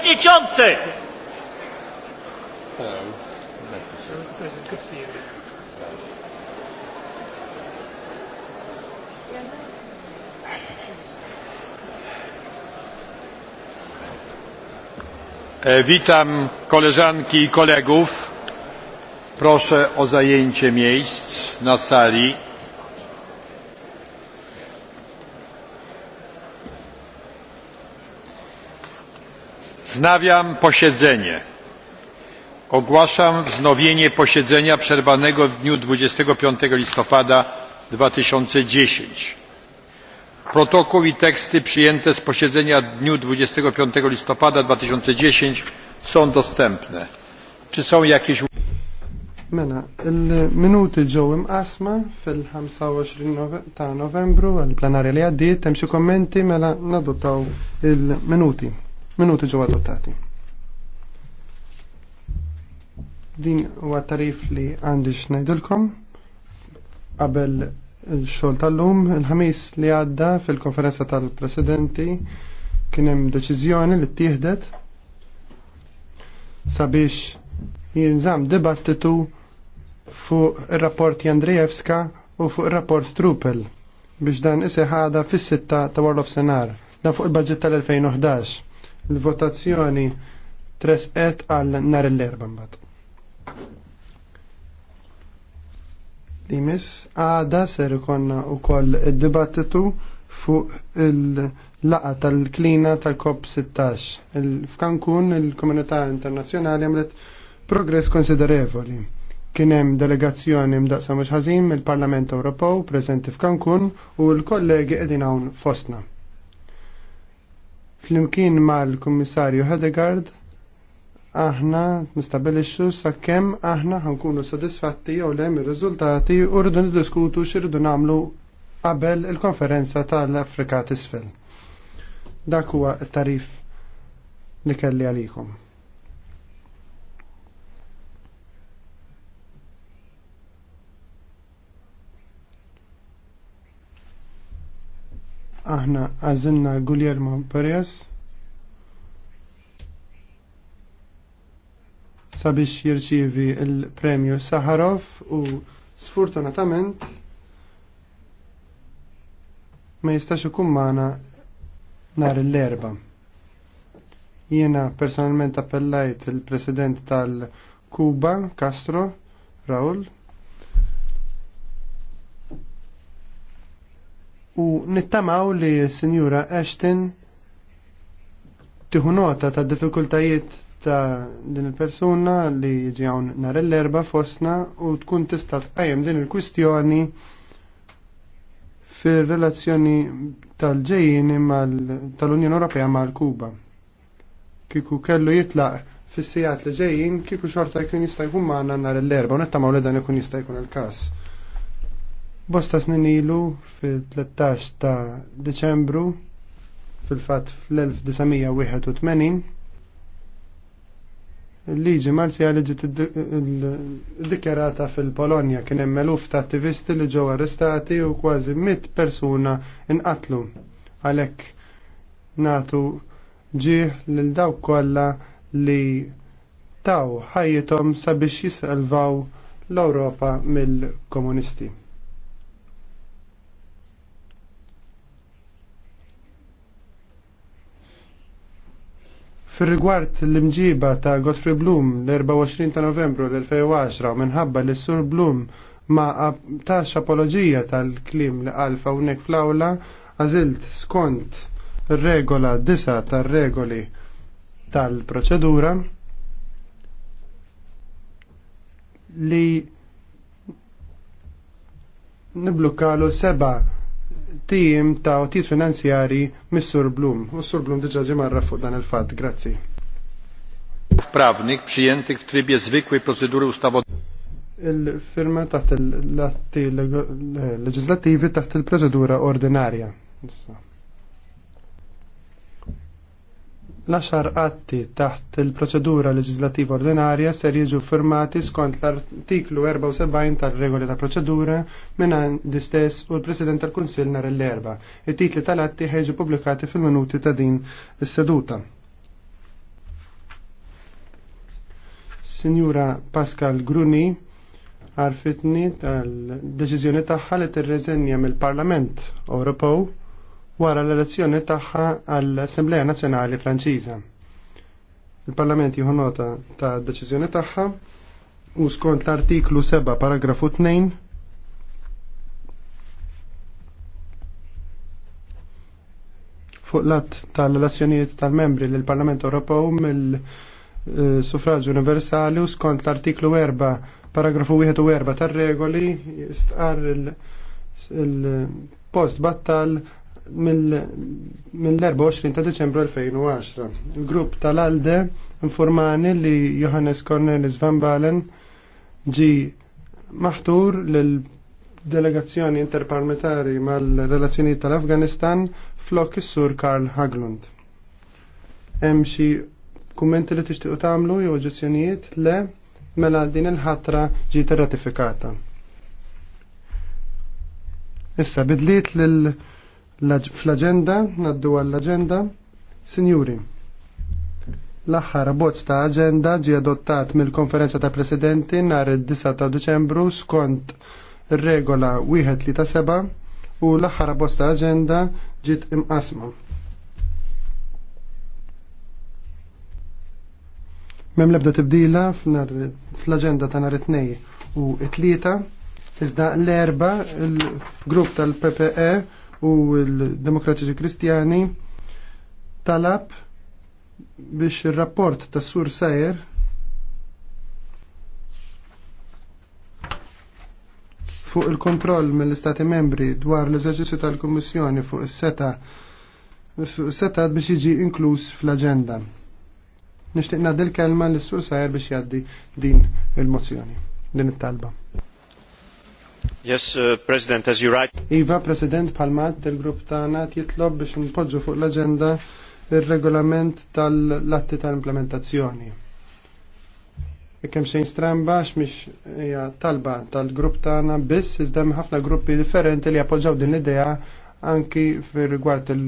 Przewodniczący! E, witam koleżanki i kolegów. Proszę o zajęcie miejsc na sali. Wznawiam posiedzenie. Ogłaszam wznowienie posiedzenia przerwanego w dniu 25 listopada 2010. Protokół i teksty przyjęte z posiedzenia w dniu 25 listopada 2010 są dostępne. Czy są jakieś Mena, il-minuti ġowim asma fil-25 ta' novembru għal-plenarja li għaddi, temxie kommenti mela nadottaw il-minuti. Minuti ġew adottati. Din huwa tarif li għandi x'ngħidilkom qabel il-xogħol tal-lum il-ħamis li għadda fil-konferenza tal-presidenti kien hemm deċiżjoni li ttieħdet sabiex jinżamm dibattitu fuq ir-rapport Andrejewska u fuq ir-rapport Trupel biex dan iseħħada fis-sitta ta' World of Senar dan fuq il-budget tal-2011 l-votazzjoni tresqet għal nar l-erba mbagħad. Dimis, għada ser ikonna wkoll id-dibattitu fuq il-laqa tal-klina tal-COP 16. F'Kankun il-komunità internazzjonali għamlet progress konsiderevoli. Kien hemm delegazzjoni mdaqsa mhux ħażin mill-Parlament Ewropew preżenti f'Kankun u l-kollegi qegħdin hawn fostna. Flimkien mal-Kummissarju Hedegard, aħna nistabilixxu sakemm aħna ħankunu sodisfatti jew le ir riżultati u rridu niddiskutu x'irridu nagħmlu qabel il-konferenza tal-Afrika t'isfel. Dak huwa t-tarif li kelli għalikom. aħna għazinna Guglielmo Perez sabiex jirċievi il-premju Saharov u sfortunatament ma jistax ikun magħna nhar l-erba. Jiena personalment appellajt il-President tal-Kuba, Castro, Raul, u nittamaw li Sinjura Ashton tiħu nota ta' diffikultajiet ta' din il-persuna li jiġi hawn nhar l-erba' fosna u tkun tista' tqajjem din il-kwistjoni fir-relazzjoni tal-ġejjin tal-Unjoni Ewropea mal-Kuba. Kiku kellu jitlaq fis-sijat li ġejjin kieku xorta jkun jista' jkun magħna nhar l-erba' u nettamaw li dan ikun jista' jkun il-każ. Bosta snin ilu fil-13 ta' Deċembru fil-fat fl-1981 liġi marzjali ġiet dikjarata fil-Polonja kien hemm eluf ta' attivisti li ġew arrestati u kważi mit persuna inqatlu għalhekk natu ġieħ lil dawk kollha li taw ħajjithom sabiex jisalvaw l-Ewropa mill-komunisti. Fir-rigward l-imġiba ta' Godfrey Bloom l-24 ta' novembru l-2010 minħabba li sur Bloom ma' tax apologija tal-klim li għalfa hawnhekk fl-awla għażilt skont regola disa tar-regoli tal-proċedura li niblukkalu seba' tim ta' otit finanzjari mis Blum. U Blum diġa ġemarra fuq dan il-fat. Grazzi. Prawnik przyjętych w trybie zwykłej procedury ustawodawczej. Il-firma taħt il-leġizlativi taħt il-procedura ordinarja. Issa. l-10 atti taħt il-proċedura leġislativa ordinarja ser jiġu firmati skont l-artiklu 74 tal-regoli ta' proċedura minn l-istess u l-President tal-Kunsil nar l-erba. Il-titli tal-atti ħeġu publikati fil-minuti ta' din is-seduta. Signora Pascal Gruni għarfitni tal-deċiżjoni tagħha li tirreżenja mill-Parlament Ewropew wara l-elezzjoni tagħha għall-Assembleja Nazzjonali Franċiża. Il-Parlament jieħu nota ta' deċiżjoni tagħha u skont l-artiklu 7 paragrafu 2 fuq l-att tal-relazzjonijiet tal-membri lill parlament Ewropew mill-suffraġġ universali u skont l-artiklu 4 paragrafu 1 u 4 tar-regoli stqar il-post battal mill-24 ta' Deċembru 2010. Il-grupp tal-Alde informani li Johannes Cornelis Van Balen ġi maħtur l-delegazzjoni interparlamentari mal-relazzjoni tal-Afganistan flok is-sur Karl Haglund. Hemm xi kummenti li tixtiequ tagħmlu jew oġġezzjonijiet le mela din il-ħatra ġiet irratifikata. Issa bidliet lil fl-agenda, naddu għall-agenda, Sinjuri, l-aħħar bozz ta' agenda ġie adottat mill-konferenza ta' presidenti nhar id-9 ta' Deċembru skont regola 137 u l-aħħar bozz ta' agenda ġiet imqasma. Mem lebda tibdila fl-agenda ta' nhar it u 3 tlieta iżda l-erba, il-grupp tal-PPE u l-Demokratiċi Kristjani talab biex il-rapport tas Sur Sajer fuq il-kontroll mill-Istati membri dwar l-eżerċizzju tal-Kummissjoni fuq is-seta seta biex jiġi inkluż fl-aġenda. Nixtieq ngħaddi l-kelma lis sur Sajer biex jgħaddi din il-mozzjoni, din it-talba. Yes, uh, President, as you right. Iva, President, palmat il-grupp tagħna jitlob biex npoġġu fuq l agenda il regolament tal-latti tal-implementazzjoni. Ikkem xejn stramba x'mix hija talba tal-grupp tagħna biss iżda ħafna gruppi differenti li appoġġaw din l-idea anki fir rigward